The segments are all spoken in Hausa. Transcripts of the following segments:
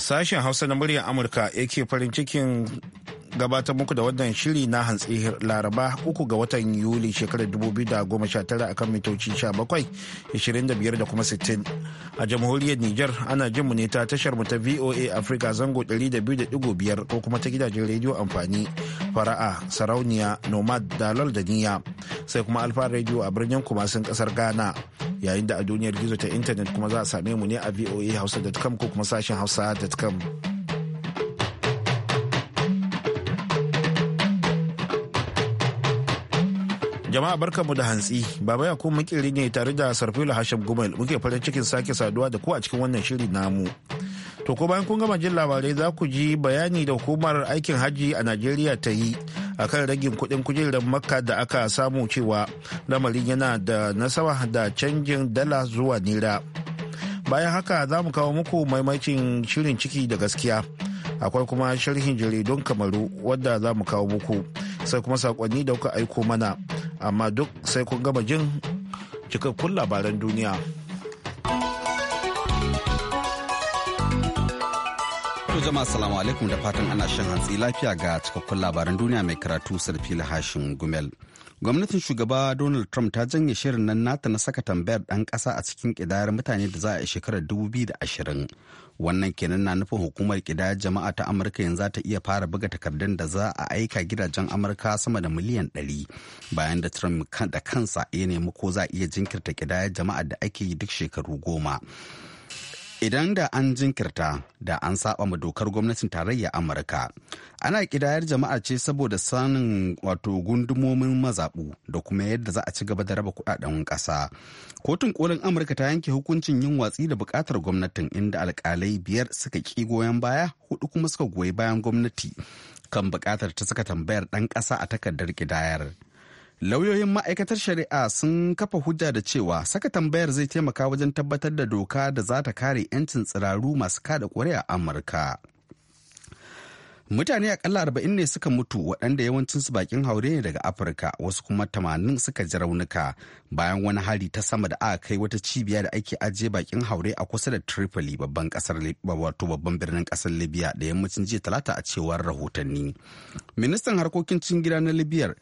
Sashen Hausa na muryar Amurka yake farin cikin gabatar muku da wannan shiri na hantsi laraba uku ga watan yuli shekarar 2019 akan mitoci 17 25 da kuma 60 a jamhuriyar niger ana jin mu ne ta tashar mu ta voa africa zango 200.5 ko kuma ta gidajen rediyo amfani fara'a sarauniya nomad dalal da niya sai kuma alfa rediyo a birnin kumasin kasar ghana yayin da a duniyar gizo ta intanet kuma za a same mu ne a voa hausa.com ko kuma sashen hausa.com Jama'a barka mu da hantsi, Baba Yakubu ne tare da Sarfila Hashim Gumel muke farin cikin sake saduwa da ku a cikin wannan shiri namu. To ko bayan kun gama jin labarai za ku ji bayani da hukumar aikin hajji a Najeriya ta yi a kan ragin kudin kujerar Makka da aka samu cewa lamarin yana da nasaba da canjin dala zuwa nira Bayan haka za mu kawo muku maimacin shirin ciki da gaskiya. Akwai kuma sharhin jaridun Kamaru wadda za mu kawo muku. sai kuma sakonni da kuka aiko mana amma duk sai kun gama jin cikakkun labaran duniya. jama'a salamu alaikum da fatan ana shan hantsi lafiya ga cikakkun labaran duniya mai karatu sarfila hashin gumel gwamnatin shugaba donald trump ta janye shirin nan nata na saka tambayar ɗan kasa a cikin kidayar mutane da za a yi shekarar 2020 wannan kenan na nufin hukumar kidayar jama'a ta amurka yanzu ta iya fara buga takardun da za a aika gidajen amurka sama da miliyan 100 bayan da trump da kansa ya nemi ko za a iya jinkirta kidayar jama'a da ake yi duk shekaru goma idan da an jinkirta da an saba ma dokar gwamnatin tarayya amurka ana kidayar jama'a ce saboda sanin wato gundumomin mazaɓu da kuma yadda za a ci gaba da raba kudaden ƙasa kotun ƙolin amurka ta yanke hukuncin yin watsi da buƙatar gwamnatin inda alƙalai biyar suka ƙi goyon baya hudu kuma suka goyi bayan gwamnati kan buƙatar ta saka tambayar ɗan ƙasa a takardar kidayar lauyoyin ma'aikatar shari'a sun kafa hujja da cewa saka tambayar zai taimaka wajen tabbatar da doka da za ta kare 'yancin tsiraru masu kada a amurka mutane akalla arba'in ne suka mutu waɗanda yawancinsu bakin haure ne daga afirka wasu kuma tamanin suka ji raunuka bayan wani hari ta sama da aka kai wata cibiya da ake ajiye bakin haure a kusa da tripoli babban kasar wato babban birnin kasar libya da yammacin jiya talata a cewar rahotanni ministan harkokin cikin gida na libyar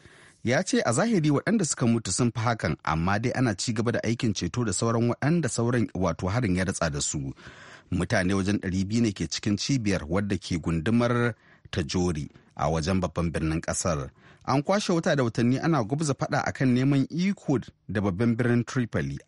ya ce a zahiri waɗanda suka mutu sun fi hakan amma dai ana ci gaba da aikin ceto da sauran waɗanda sauran wato harin ya ratsa da su mutane wajen 200 ne ke cikin cibiyar wadda ke gundumar ta jori a wajen babban birnin kasar an kwashe wuta da watanni ana gubza fada akan neman iko da babban birnin tripoli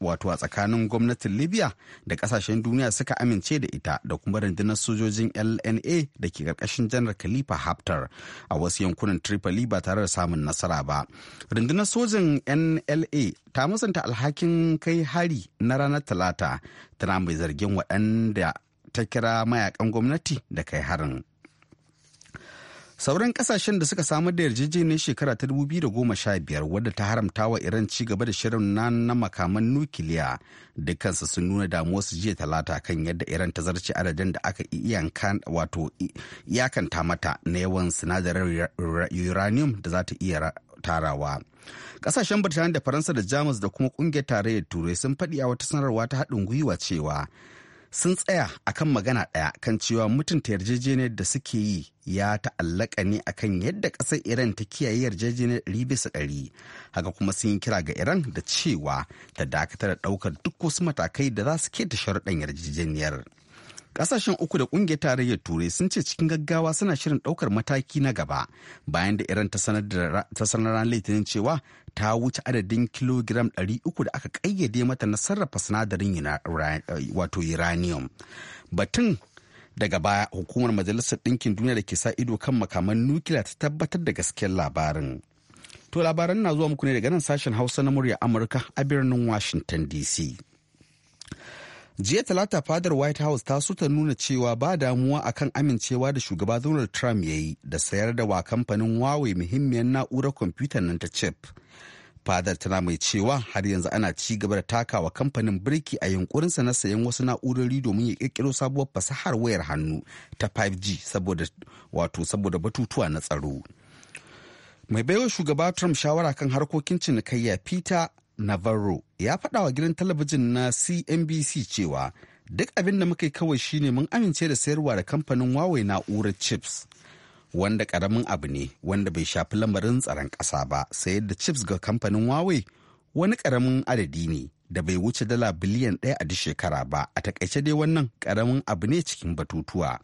wato a tsakanin gwamnatin libya da kasashen duniya suka amince da ita da kuma rundunar sojojin lna da ke karkashin janar khalifa haftar a wasu yankunan tripoli ba tare da samun nasara ba rundunar sojin nla ta musanta alhakin kai hari na ranar talata tana mai zargin waɗanda ta kira mayakan gwamnati da kai harin sauran kasashen da suka samar da yarjejeniyar shekara ta 2015 wadda ta haramta wa iran ci gaba da shirin nan na makaman nukiliya dukansu sun nuna damuwa su jiya talata kan yadda iran ta zarce adadin da aka wato iyakanta mata na yawan sinadarin uranium da za ta iya tarawa kasashen birtaniya da faransa da jamus da kuma kungiyar tarayyar turai sun faɗi a wata sanarwa ta haɗin gwiwa cewa sun tsaya akan magana ɗaya kan cewa mutunta yarjejeniyar da suke yi ya ta'allaka ne akan yadda ƙasar iran ta kiyaye yarjejeniyar ɗari bisa haka kuma sun yi kira ga iran da cewa ta dakatar da ɗaukar duk wasu matakai da za su keta sharuɗan yarjejeniyar. Kasashen uku da kungiyar tarayyar Turai sun ce cikin gaggawa suna shirin daukar mataki na gaba bayan da Iran ta sanar ranar Litinin cewa ta wuce adadin kilogiram 300 da aka kayyade mata na sarrafa sinadarin eh, wato uranium. Batun daga baya hukumar majalisar ɗinkin duniya da ke sa ido kan makaman nukiliya ta tabbatar da gaskiyar labarin. To labaran na zuwa muku ne daga nan sashen Hausa na murya Amurka a birnin Washington DC. jiya talata fadar white house ta so ta nuna cewa ba damuwa akan amincewa da shugaba donald trump ya yi da sayar da wa kamfanin huawei muhimmiyar na'urar kwamfuta nan ta chip fadar tana mai cewa har yanzu ana ci gaba da takawa kamfanin birki a yunkurinsa na sayan wasu na'urori domin ya kirkiro sabuwar fasahar wayar hannu ta 5g saboda wato saboda batutuwa na tsaro mai baiwa shugaba trump shawara kan harkokin cinikayya peter Navarro ya faɗa wa gidan talabijin na CNBC cewa duk abin da muka yi kawai shine mun amince da sayarwa da kamfanin Huawei na'urar chips. Wanda ƙaramin abu ne wanda bai shafi lamarin tsaron ƙasa ba sayar da chips ga kamfanin Huawei wani ƙaramin adadi ne da bai wuce dala biliyan ɗaya a duk shekara ba a takaice dai wannan karamin abu ne cikin batutuwa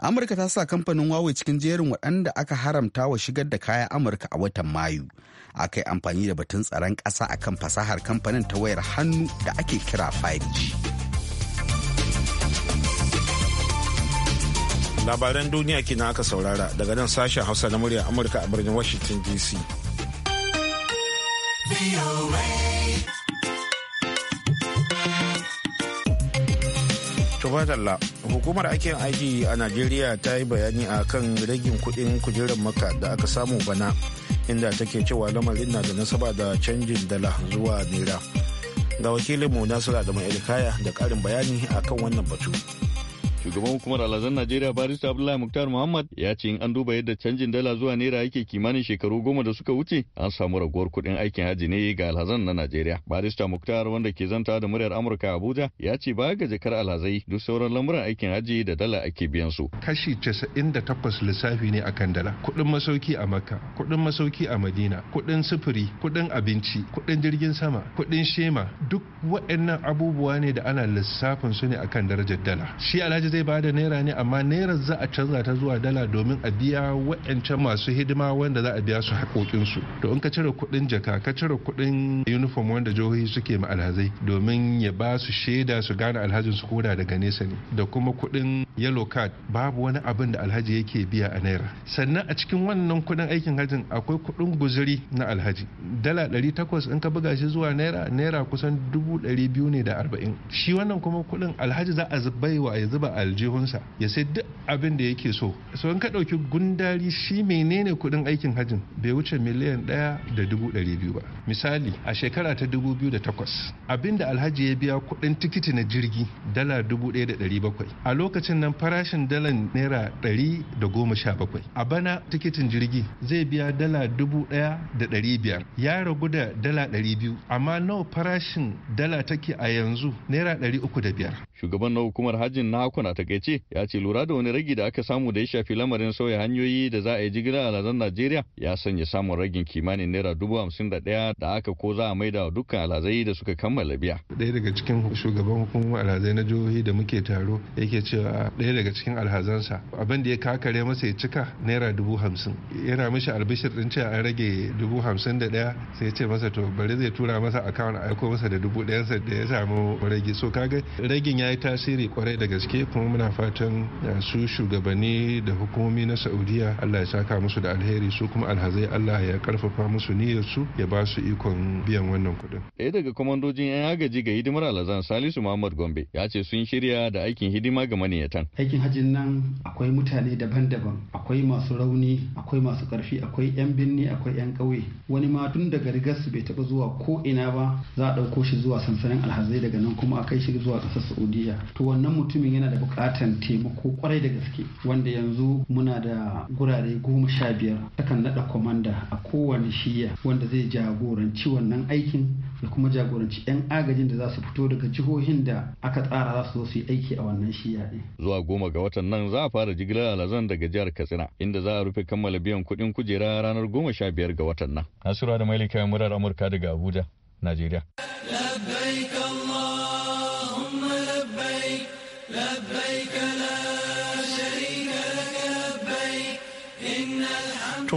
amurka ta sa kamfanin huawei cikin jerin waɗanda aka haramta wa shigar da kayan amurka a watan mayu aka yi amfani da batun tsaron ƙasa akan fasahar kamfanin ta wayar hannu da ake kira 5g labaran duniya kina aka saurara daga nan sashen hausa na murya amurka a birnin washington dc tumadalla hukumar aikin aiki a najeriya ta yi bayani a kan ragin kudin kujerar maka da aka samu bana inda take cewa lamarin na da nasaba da canjin dala zuwa naira ga wakilinmu da mai ilkaya da karin bayani a kan wannan batu. Shugaban hukumar alhazan Najeriya Barista Abdullahi Muktar Muhammad ya ce in an duba yadda canjin dala zuwa naira yake kimanin shekaru goma da suka wuce an samu raguwar kudin aikin haji ne ga alhazan na Najeriya. Barista Muktar wanda ke zanta da muryar Amurka Abuja ya ce ba ga jakar alhazai duk sauran lamuran aikin haji da dala ake biyan su. Kashi da casa'in takwas lissafi ne akan dala. kudin masauki a Makka, kudin masauki a Madina, kudin sufuri, kudin abinci, kudin jirgin sama, kudin shema duk waɗannan abubuwa ne da ana lissafin su ne akan darajar dala. Shi alhaji alhaji zai bada naira ne amma naira za a canza ta zuwa dala domin a biya wayancan masu hidima wanda za a biya su haƙoƙinsu to in ka cire kuɗin jaka ka cire kuɗin uniform wanda jihohi suke ma alhazai domin ya ba su shaida su gane alhajin su koda daga nesa ne da kuma kuɗin yellow card babu wani abin da alhaji yake biya a naira sannan a cikin wannan kuɗin aikin hajin akwai kuɗin guzuri na alhaji dala ɗari takwas in ka buga shi zuwa naira naira kusan dubu ɗari biyu ne da arba'in shi wannan kuma kuɗin alhaji za a baiwa ya zuba aljihunsa ya sai duk abin da yake so so in ka ɗauki gundari shi menene kuɗin aikin hajjin bai wuce miliyan ɗaya da dubu ɗari biyu ba misali a shekara ta dubu biyu da takwas abin da alhaji ya biya kuɗin tikiti na jirgi dala dubu ɗaya da ɗari bakwai a lokacin nan farashin dalan naira ɗari da goma sha bakwai a bana tikitin jirgi zai biya dala dubu ɗaya da ɗari biyar ya ragu da dala ɗari biyu amma nawa farashin dala take a yanzu naira ɗari uku da biyar shugaban na hukumar hajjin na a takaice ya ce lura da wani ragi da aka samu da ya shafi lamarin sauya hanyoyi da za a yi jigilar alazan Najeriya ya sanya samun ragin kimanin naira dubu hamsin da ɗaya da aka ko za a maida wa dukkan alazai da suka kammala biya. Ɗaya daga cikin shugaban hukumar alhazai na jihohi da muke taro yake cewa ɗaya daga cikin alhazansa abin da ya kakare masa ya cika naira dubu hamsin yana mishi albishir ɗin cewa an rage dubu hamsin da ɗaya sai ce masa to bari zai tura masa akawun aiko masa da dubu ɗayansa da ya samu rage so kaga ragin ya yi tasiri kwarai da gaske kuma muna fatan eh, su shugabanni da hukumomi na saudiya allah ya saka musu da alheri su kuma alhazai allah ya karfafa musu niyyar su ya ba su ikon biyan wannan kuɗin. ɗaya daga kwamandojin yan agaji ga hidimar alazan salisu muhammad gombe ya ce sun shirya da aikin hidima ga maniyatan. aikin hajjin nan akwai mutane daban-daban akwai masu rauni akwai masu ƙarfi akwai yan binni akwai yan ƙauye wani ma tun daga rigar su bai taɓa zuwa ko ina ba za a ɗauko shi zuwa sansanin alhazai daga nan kuma a kai shi zuwa ƙasar saudiya to wannan mutumin yana da bukatan taimako kwarai da gaske wanda yanzu muna da gurare goma sha biyar takan nada kwamanda a kowane shiya wanda zai jagoranci wannan aikin da kuma jagoranci 'yan agajin da za su fito daga jihohin da aka tsara za su zo su yi aiki a wannan shiya ɗin. Zuwa goma ga watan nan za a fara jigilar alazan daga jihar Katsina inda za a rufe kammala biyan kuɗin kujera ranar goma sha biyar ga watan nan. Nasura da Mailika Murar Amurka daga Abuja, Najeriya.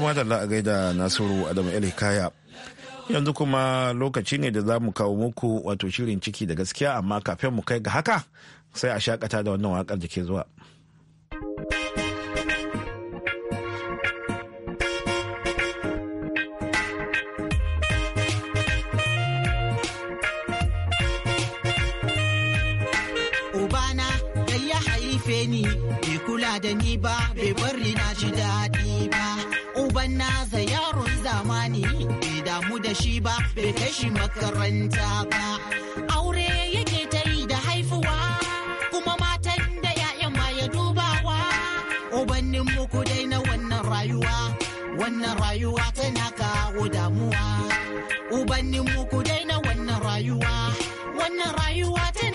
kuma da la'agai da Nasiru Adamu Elikaya. Yanzu kuma lokaci ne da za mu kawo muku wato shirin ciki da gaskiya amma kafin mu kai ga haka sai a shakata da wannan wakar da ke zuwa. Ubana da ya haife ni, bai kula da ni ba, bai bari masa yaron zamani bai damu da shi ba bai kai shi makaranta ba aure yake ta yi da haifuwa kuma matan da 'ya'yan ma ya dubawa ubannin muku dai na wannan rayuwa wannan rayuwa tana kawo damuwa ubannin muku dai na wannan rayuwa wannan rayuwa tana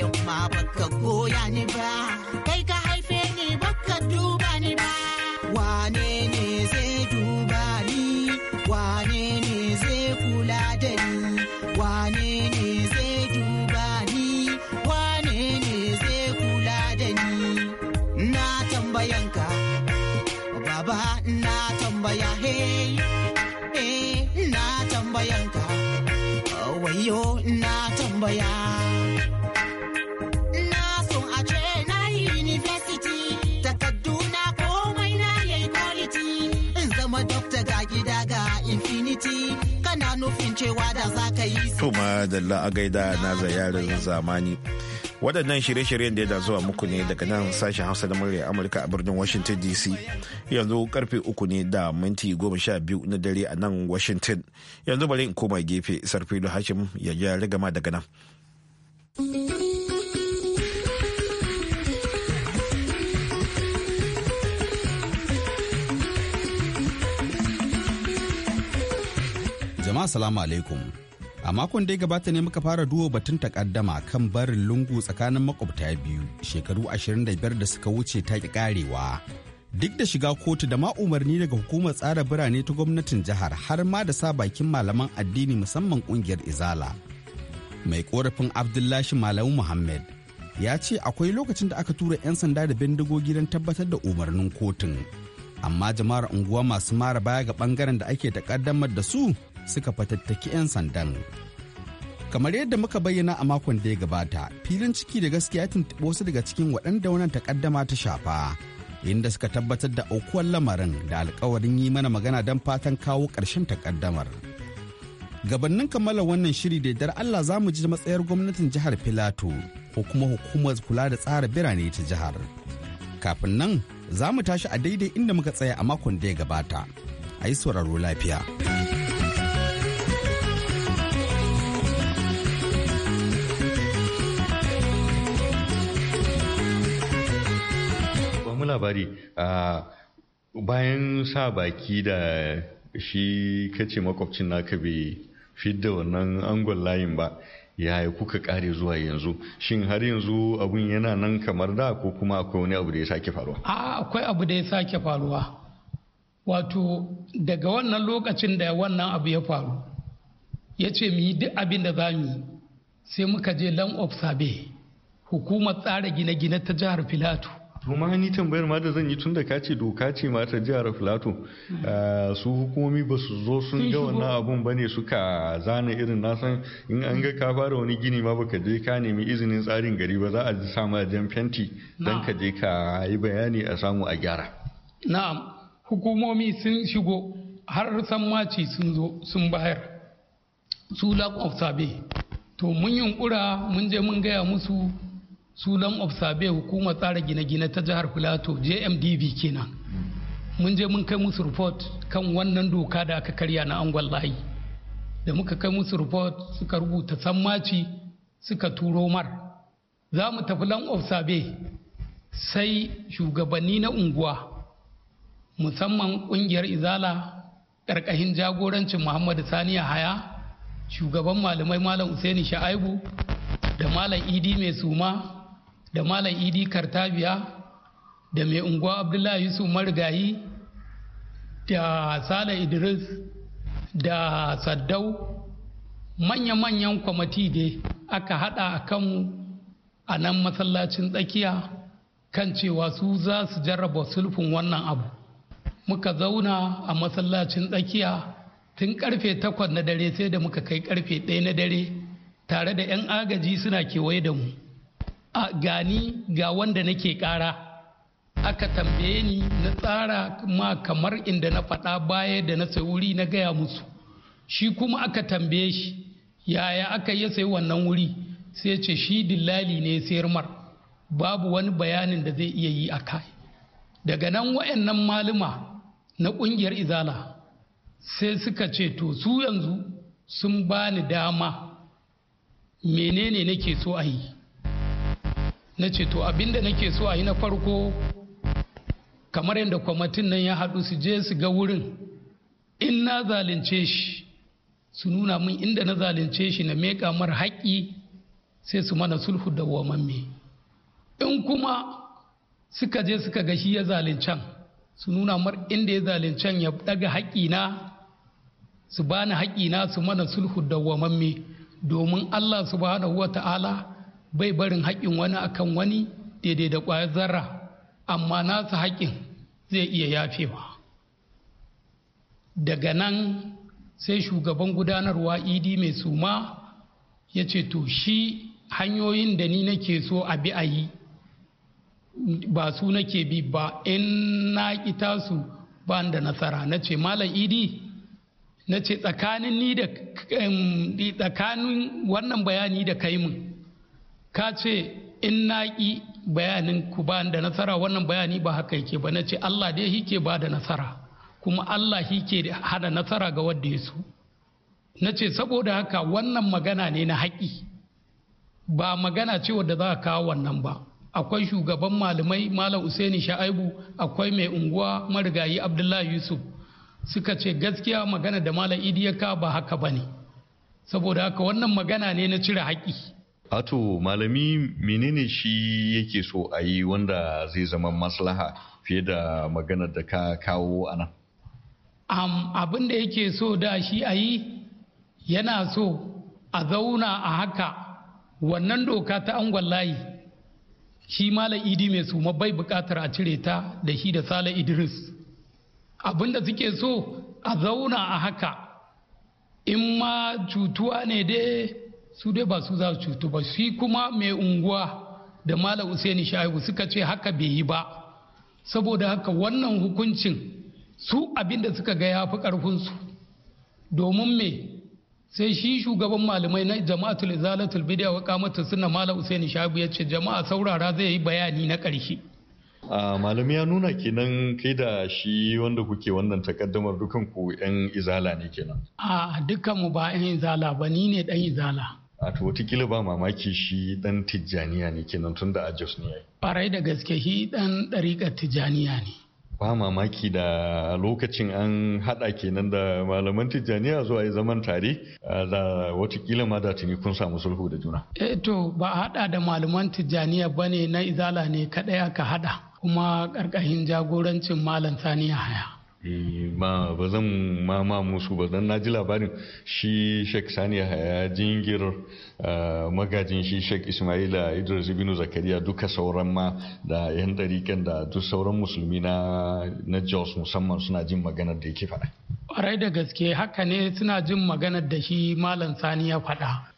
yamma baka goya ni ba kai ka haife ni baka duba ni ba wane ne zai duba ni wane ne zai kula da ni wane ne zai duba ni wane ne zai kula da ni na tambayanka baba na tambaya hey eh na tambayanka wayo na tambaya nufin cewa da za ka yi su. da la'agaida na zayarin zamani. Waɗannan shirye-shiryen da ya zuwa muku ne daga nan sashen Hausa da murya Amurka a birnin Washington DC. Yanzu karfe uku ne da minti goma sha biyu na dare a nan Washington. Yanzu bari in koma gefe Sarfilu Hashim ya ja rigama daga nan. Jama'a salamu alaikum. A makon da ya gabata ne muka fara duwo batun takaddama kan barin lungu tsakanin makwabta biyu shekaru ashirin da biyar da suka wuce ta ki karewa. Duk da shiga kotu da ma umarni daga hukumar tsara birane ta gwamnatin jihar har ma da sa bakin malaman addini musamman kungiyar Izala. Mai korafin Abdullahi Malamu Muhammad ya ce akwai lokacin da aka tura 'yan sanda da bindigogi don tabbatar da umarnin kotun. Amma jama'ar unguwa masu mara baya ga bangaren da ake takaddamar da su suka fatattaki 'yan sandan. Kamar yadda muka bayyana a makon da ya gabata, filin ciki da gaskiya ya tuntuɓi wasu daga cikin waɗanda wannan takaddama ta shafa, inda suka tabbatar da aukuwar lamarin da alkawarin yi mana magana don fatan kawo ƙarshen takaddamar. gabannin kammala wannan shiri da dar Allah za mu ji matsayar gwamnatin jihar Filato ko kuma hukumar kula da tsara birane ta jihar. Kafin nan za mu tashi a daidai inda muka tsaya a makon da ya gabata. A yi sauraro lafiya. labari a bayan sa baki da shi kace makwabcin naka bai fidda wannan angon layin ba yi kuka kare zuwa yanzu shin har yanzu abun yana nan kamar da ko kuma akwai wani abu da ya sake faruwa a akwai abu da ya sake faruwa wato daga wannan lokacin da wannan abu ya faru ya ce mu yi duk abin da za mu yi sai muka je land of sabe hukumar tsara gine-gine ta jihar filato kuma yi tambayar ma da zan yi tun da ka ce doka ce ma ta jihar filato mm-hmm. eh, su hukumomi ba su zo sun ga wannan abun ba ne suka zana irin nasan in an ga ka fara wani gini ma baka je ka nemi izinin tsarin gari ba za a ji samu jan fenti don ka je ka yi bayani a samu a gyara na'am hukumomi sun shigo har sammaci sun zo sun bayar su lack of sabi to mun yunkura mun je mun gaya musu sunan obsabe hukumar tsara gine-gine ta jihar filato jmdv kenan mun je mun kai musu report kan wannan doka da aka karya na angon layi da muka kai musu report suka rubuta sammaci suka turo mar za mu tafi lan obsabe sai shugabanni na unguwa musamman kungiyar izala ƙarƙashin jagorancin muhammadu saniya haya shugaban malamai malam usaini sha'aibu da malam idi mai suma da malam idi kartabiya da mai unguwa abdullahi yusuf marigayi da sale idris da saddau manya-manyan kwamati da aka hada a kanmu a nan masallacin tsakiya kan cewa su za su jarraba sulfin wannan abu muka zauna a masallacin tsakiya tun karfe takwas na dare sai da muka kai karfe ɗaya na dare tare da 'yan agaji suna kewaye da mu a gani ga wanda nake ƙara aka tambaye ni na tsara ma kamar inda na faɗa baya da na sai wuri na gaya musu shi kuma aka tambaye shi yaya aka yi sai wannan wuri sai ce shi dillali ne sayar mar babu wani bayanin da zai iya yi a kai daga nan wayannan maluma na ƙungiyar izala sai suka ce to su yanzu sun bani dama menene nake so a yi na ce to abinda nake so a yi na farko kamar yadda kwamitin nan ya haɗu su je su ga wurin in na zalunce shi su nuna min inda na zalunce shi na meka mar haƙƙi sai su mana sulhu da mamme in kuma suka je suka ga shi ya zaluncen su nuna mar inda ya zaluncan ya ɗaga haƙƙina su bani haƙƙina su mana sulhu da mamme domin allah subhanahu wa ta'ala bai barin haƙƙin wani akan wani daidai da ƙwayar zarra amma nasa haƙƙin zai iya yafewa daga nan sai shugaban gudanarwa idi e mai suma ya ce to shi hanyoyin da ni nake so a bi a yi ba su nake bi ba in na kita su ba da nasara na ce malam idi e na ce tsakanin ni da tsakanin wannan bayani da kai mun ka ce in naƙi bayanin ku ba da nasara wannan bayani ba haka yake ba na ce Allah dai shi ke ba da nasara kuma Allah shi ke hada nasara ga wadda ya su na ce saboda haka wannan magana ne na haƙi ba magana ce wadda za a kawo wannan ba akwai shugaban malamai malam usaini sha'aibu akwai mai unguwa marigayi abdullahi yusuf suka ce gaskiya magana da malam idiyaka ba haka ba ne saboda haka wannan magana ne na cire haƙi Ato malami menene shi yake so a yi wanda zai zama maslaha fiye da maganar da ka kawo a nan? Abin da yake so da shi a yi yana so a zauna a haka wannan doka ta angon layi shi mala idi mai suma bai bukatar a cire ta da shi da sala idris abin da suke so a zauna a haka in ma cutuwa ne dai su dai ba su za su cutu ba shi kuma mai unguwa da malam Usaini Shaibu suka ce haka bai yi ba saboda haka wannan hukuncin su abinda suka ga ya fi ƙarfinsu domin me sai shi shugaban malamai na jama'atul izalatul bid'a wa qamatu sunna malam Usaini Shaibu ya ce jama'a saurara zai yi bayani na ƙarshe a malami ya nuna kenan kai da shi wanda kuke wannan takaddamar dukan ku yan izala ne kenan a dukkan mu ba yan izala ba ni ne dan izala a to watakila ba mamaki shi dan tijjaniya ne kenan tun da ajos ne ya yi ƙwarai da gaske shi dan ɗariƙar tijjaniya ne ba mamaki da lokacin an haɗa kenan da malaman tijjaniya zuwa yi zaman tare da watakila ma da tuni kun samu sulhu da juna eh to ba a haɗa da malaman tijjaniya ba ne na izala ne kaɗai aka haɗa kuma ƙarƙashin jagorancin malam saniya haya ba e, ba zan ma ma musu ba dan naji labarin shi Sheikh Sani Haya jingir magajin shi Sheikh Ismaila Idris ibn Zakariya duka sauran ma da yan dariƙan da duk sauran musulmi na na Jos musamman suna jin maganar da yake faɗa. Ƙwarai da gaske haka ne suna jin maganar da shi Malam Sani ya faɗa.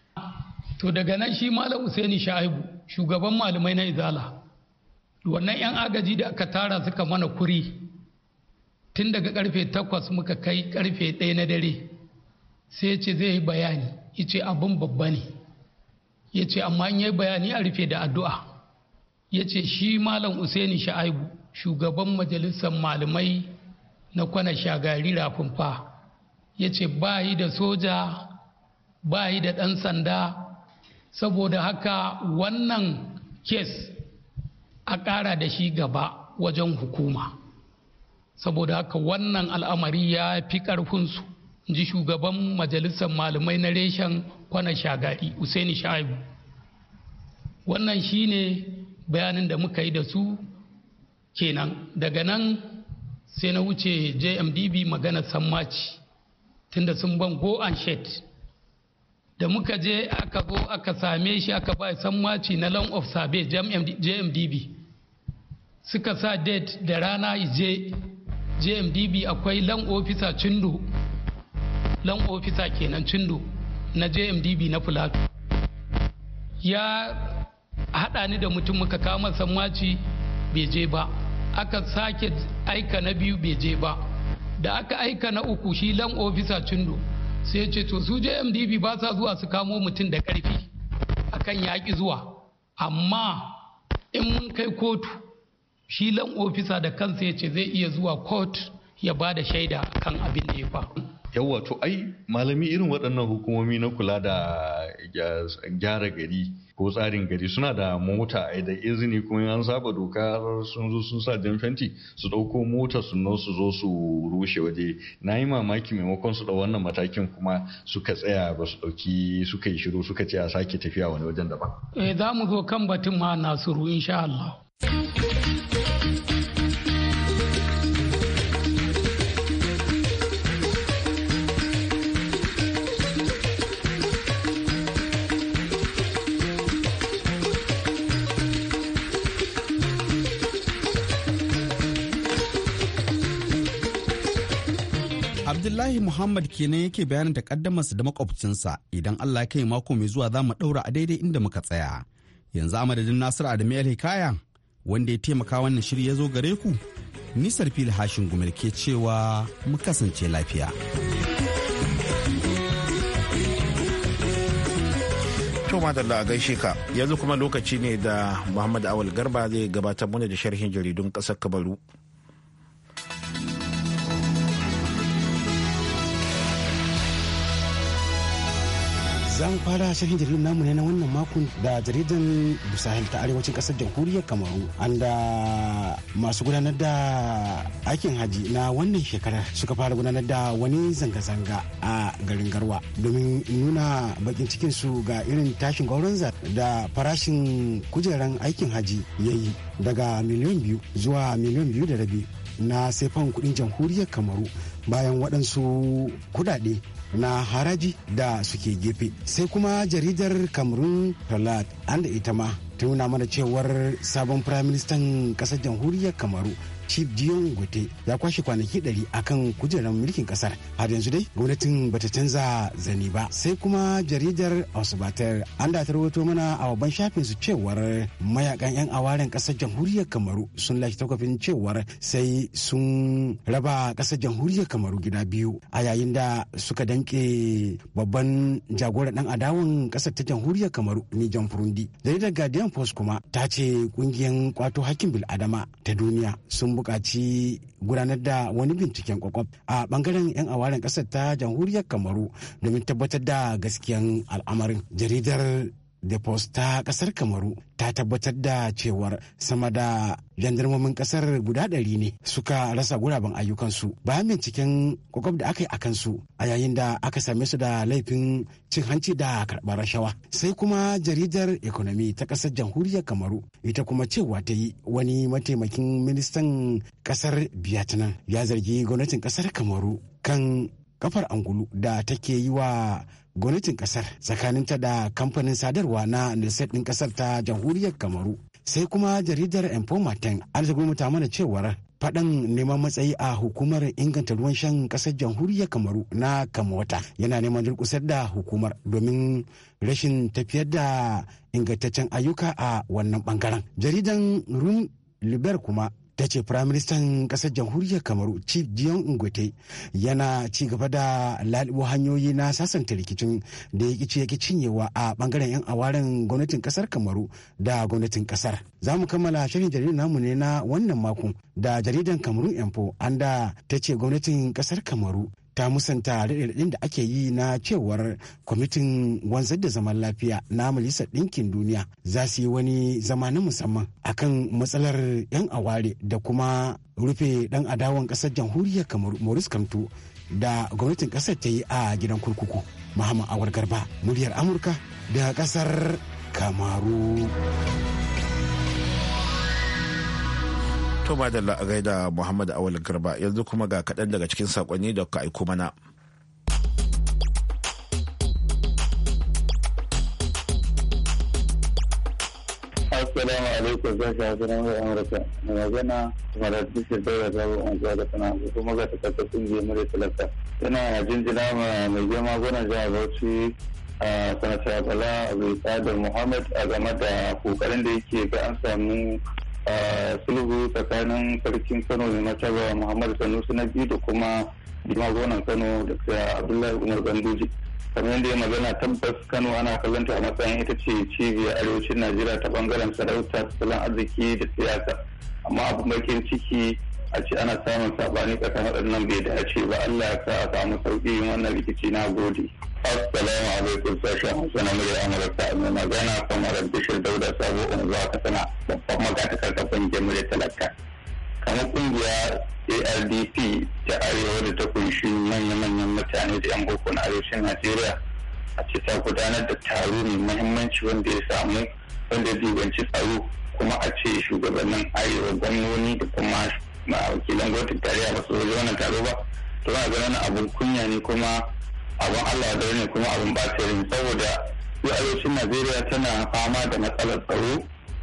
To daga nan shi Malam Usaini Shaibu shugaban malamai na Izala wannan 'yan agaji da aka tara suka mana kuri tun daga karfe takwas muka kai karfe ɗaya na dare sai ce zai yi bayani ya ce abin babba ne ya ce amma in yi bayani a rufe da addu'a ya ce shi malam usaini sha'aibu shugaban majalisar malamai na kwana shagari rafin fa ya ce ba yi da soja ba yi da ɗan sanda saboda haka wannan kes a ƙara da shi gaba wajen hukuma saboda haka wannan al'amari ya fi ƙarfinsu ji shugaban majalisar malamai na reshen kwana shagari usaini shaibu wannan shine bayanin da muka yi da su kenan daga nan sai na wuce jmdb magana sammaci tunda sun ban go and da muka je aka zo aka same shi aka ba sammaci na long of sabe jmdb suka sa date da rana je jmdb akwai lan ofisa cindo lan ofisa kenan cindo na jmdb na Fulatu ya haɗa ni da mutum muka kama sammaci bai je ba aka sake aika na biyu bai je ba da aka aika na uku shi lan ofisa cindo sai ce to su jmdb ba sa zuwa su kamo mutum da ƙarfi akan yaki zuwa amma in mun kai kotu shi lan ofisa da kansa ya ce zai iya zuwa Kot ya ba da shaida kan abin da ya faru yawa to ai malami irin waɗannan hukumomi na kula da gyara gari ko tsarin gari suna da mota ai da izini kuma an saba doka sun zo sun sa jan fenti su ɗauko mota su nan su zo su rushe waje na yi mamaki maimakon su da wannan matakin kuma suka tsaya ba su ɗauki suka yi shiru suka ce a sake tafiya wani wajen daban. Eh, za mu zo kan batun ma nasiru insha Allah. Abdullahi Muhammad kenan yake bayanin takaddamarsa da makwabcinsa idan Allah ya kai mako mai zuwa za mu daura a daidai inda muka tsaya. Yanzu a madadin Nasiru Adamu ya Hikaya wanda ya taimaka wannan shiri ya zo gare ku nisar fil hashin gumel cewa mu kasance lafiya madalla a gaishe ka yanzu kuma lokaci ne da muhammad awal garba zai gabatar mana da sharhin jaridun ƙasar kabaru Za fara shirin jaridar namu ne na wannan makon da jaridan bisahil ta arewacin kasar jamhuriyar Kamaru. An da masu gudanar da aikin haji na wannan shekarar suka fara gudanar da wani zanga-zanga a garin Garwa domin nuna bakin cikin su ga irin tashin gwauron da farashin kujeran aikin haji ya yi daga miliyan biyu zuwa miliyan biyu da rabi na sefan kudin jamhuriyar kamaru bayan waɗansu kudade na haraji da suke gefe sai kuma jaridar cameroon talat an da ita ma ta nuna mana cewar sabon firaministan kasar jamhuriyar kamaru chief dion gote ya kwashe kwanaki a akan kujerar mulkin kasar har yanzu dai gwamnatin bata canza zani ba sai kuma jaridar osbatar an da rawato mana a babban shafin su cewar mayakan yan awaren kasar jamhuriyar kamaru sun lashe takwafin cewar sai sun raba kasar jamhuriyar kamaru gida biyu a yayin da suka danke babban jagoran dan adawan kasar ta jamhuriyar kamaru ni john furundi jaridar guardian task Post kuma ta ce kungiyar kwato hakkin bil'adama ta duniya sun buƙaci gudanar da wani binciken kwakwaf a bangaren 'yan awarin ƙasar ta jamhuriyar kamaru domin tabbatar da gaskiyan al'amarin jaridar Depos ta kasar Kamaru ta tabbatar da cewar sama da jandarmomin kasar guda ɗari ne suka rasa guraben ayyukansu bayan binciken kwakwab da aka yi a kansu a yayin da aka same su da laifin cin hanci da karɓar rashawa sai kuma jaridar ekonomi ta ƙasar jamhuriyar kamaru ita kuma cewa ta yi wani mataimakin ministan kasar Biyatinan ya zargi gwamnatin kasar kamaru kan kafar angulu da take yi wa gwamnatin kasar tsakaninta da kamfanin sadarwa na niset ɗin kasar ta jamhuriyar kamaru sai kuma jaridar infomaten an zagomata mana cewar faɗan neman matsayi a hukumar inganta ruwan shan ƙasar jamhuriyar kamaru na kamota yana neman durƙusar da hukumar domin rashin tafiyar da ingantaccen ayyuka a wannan ɓangaren jaridan rum liber kuma ta ce firaministan ƙasar jamhuriyar kamaru chief dion ngwete yana ci gaba da lalibo hanyoyi na sasanta rikicin da ya kici yake cinyewa a bangaren 'yan awarin gwamnatin ƙasar kamaru da gwamnatin ƙasar za mu kammala shirin jaridar namu ne na wannan makon da jaridan kamaru info an da ta ce gwamnatin ƙasar kamaru ta musanta raɗaɗin da ake yi na cewar kwamitin wanzar da zaman lafiya na majalisar ɗinkin duniya za su yi wani zama na musamman akan matsalar 'yan aware da kuma rufe ɗan adawan ƙasar jamhuriyar kamar maurice kamto da gwamnatin ƙasar ta yi a gidan kurkuku muhammad awar garba muryar amurka da ƙasar kamaru. To madalla a gaida Muhammad Awal Garba yanzu kuma ga kaɗan daga cikin saƙonni da kuka aiko mana. Assalamu alaikum zan shafi nan ga Amurka. Mai magana da da kuma ga mura talaka. Yana jinjina mai zama gwanan jihar Bauchi a sanata Bala da Muhammad a game da kokarin da yake ga an samu Eh, sulhu tsakanin sarkin kano na mataba muhammadu sanusi na biyu da kuma jimagonan kano da abdullahi umar ganduji kamar yadda ya magana tabbas kano ana kallonta a matsayin ita ce cibiyar arewacin najeriya ta bangaren sarauta tattalin arziki da siyasa amma abu bakin ciki a ce ana samun sabani tsakanin waɗannan bai ce ba allah ya sa a samu sauƙi wannan rikici na gode. Assalamu alaikum sashen Hausa na murya Amurka mai magana kuma da bishir dauda sabo unguwa ta sana babban magatakar da kungiyar talaka. Kamar kungiya ARDP ta arewa da ta kunshi manya-manyan mutane da 'yan boko na arewacin Najeriya a ce ta gudanar da taro mai muhimmanci wanda ya samu wanda dubanci tsaro kuma a ce shugabannin arewa gwamnoni da kuma wakilan gwamnatin tarayya ba su zo wannan taro ba. To a ganin abun kunya ne kuma abin allah da ne kuma abin batirin saboda yau arewacin najeriya tana fama da matsalar tsaro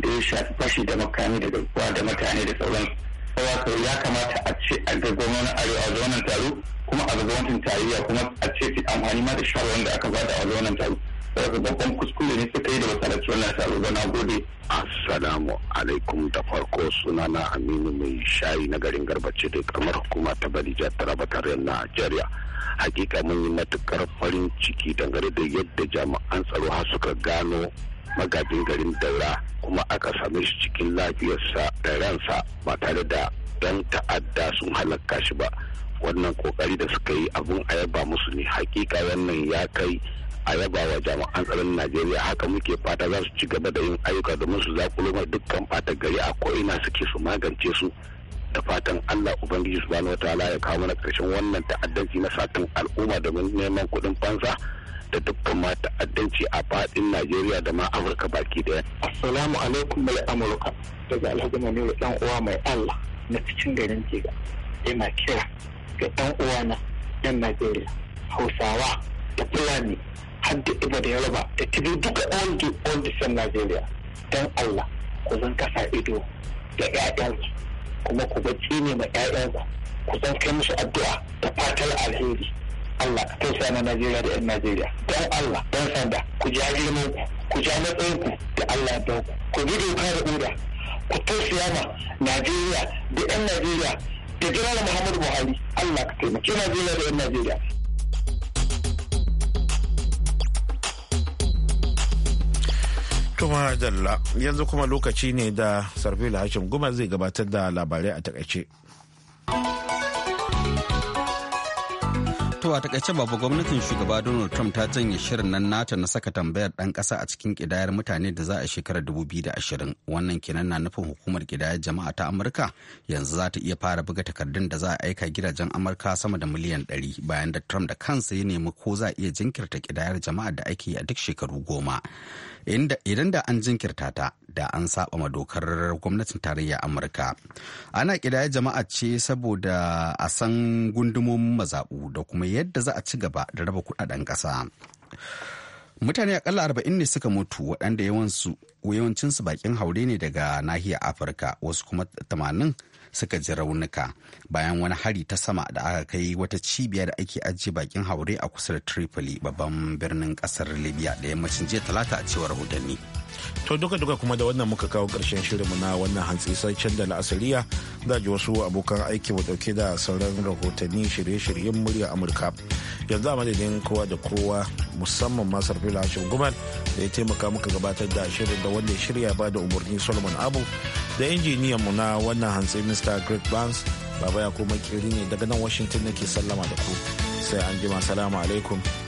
da ya shafi fashi da makami da gaggawa da mutane da sauran wato ya kamata a ce a ga arewa a taro kuma a ga gwamnatin tarayya kuma a ce ki amfani ma da shawarar da aka bada a zaunan taro babban kuskure ne suka yi da wasu alaci wannan taro ga nagode. Assalamu alaikum da farko sunana Aminu mai shayi na garin Garbace da kamar hukuma ta Balija Taraba tarayyar Najeriya. Hakika mun yi matukar farin ciki dangane da yadda jami'an tsaro har suka gano magajin garin daura kuma aka same shi cikin lafiyarsa da ransa ba tare da dan ta'adda sun halakka shi ba wannan kokari da suka yi abun ayaba musu ne hakika wannan ya kai a yaba wa jami'an tsaron najeriya haka muke fata za su ci gaba da yin ayyuka domin su zakulo mai dukkan fata gari a ko'ina suke su magance su da fatan allah ubangiji su wa wata ya kawo mana karshen wannan ta'addanci na satin al'umma domin neman kuɗin fansa da dukkan ma ta'addanci a fadin Najeriya da ma Afirka baki daya. Assalamu alaikum mai Amurka daga Alhaji wa dan uwa mai Allah na cikin garin Jiga. ina kira ga dan na yan Najeriya Hausawa da Fulani har da iba da yaraba da tibi duka all the all the san najeriya don allah ku zan kasa ido da 'ya'yansu kuma ku bacci ne ma 'ya'yanku ku zan kai musu addu'a da fatar alheri Allah ka tausaya na Najeriya da 'yan Nigeria. don Allah don sanda ku ja girman ku ja matsayinku da Allah don ku bi doka da oda ku tausaya ma Najeriya da 'yan Najeriya da jiran Muhammadu Buhari Allah ka taimaki Najeriya da 'yan Najeriya kuma jalla yanzu kuma lokaci ne da Sarfila Hashim Guma zai gabatar da labarai a takaice. To a takaice babu gwamnatin shugaba Donald Trump ta janye shirin nan nata na saka tambayar dan kasa a cikin kidayar mutane da za a shekarar 2020 wannan kenan na nufin hukumar kidayar jama'a ta Amurka yanzu za ta iya fara buga takardun da za a aika gidajen Amurka sama da miliyan 100 bayan da Trump da kansa ya nemi ko za a iya jinkirta kidayar jama'a da ake yi a duk shekaru goma. idan da an jinkirta ta da an saba ma dokar gwamnatin tarayya amurka ana kidaya jama'a ce saboda a san gundumomin mazaɓu da kuma yadda za a ci gaba da raba kudaden ƙasa mutane akalla arba'in ne suka mutu waɗanda yawancinsu bakin haure ne daga nahiyar afirka wasu kuma tamanin suka ji raunuka bayan wani hari ta sama da aka kai wata cibiya da ake ajiye bakin haure a kusa da tripoli babban birnin kasar libya da yammacin jiya talata a cewar rahotanni to duka duka kuma da wannan muka kawo karshen shirinmu na wannan hantsi sarkin da la'asariya za ji wasu abokan aiki mu dauke da sauran rahotanni shirye-shiryen murya amurka yanzu a madadin kowa da kowa musamman masar fila gumar da ya taimaka muka gabatar da shirin da wanda ya shirya ba da umarni solomon abu da injiniyan mu na wannan hantsi mr greg barnes baba ya kuma kiri ne daga nan washington nake sallama da ku sai an jima salamu alaikum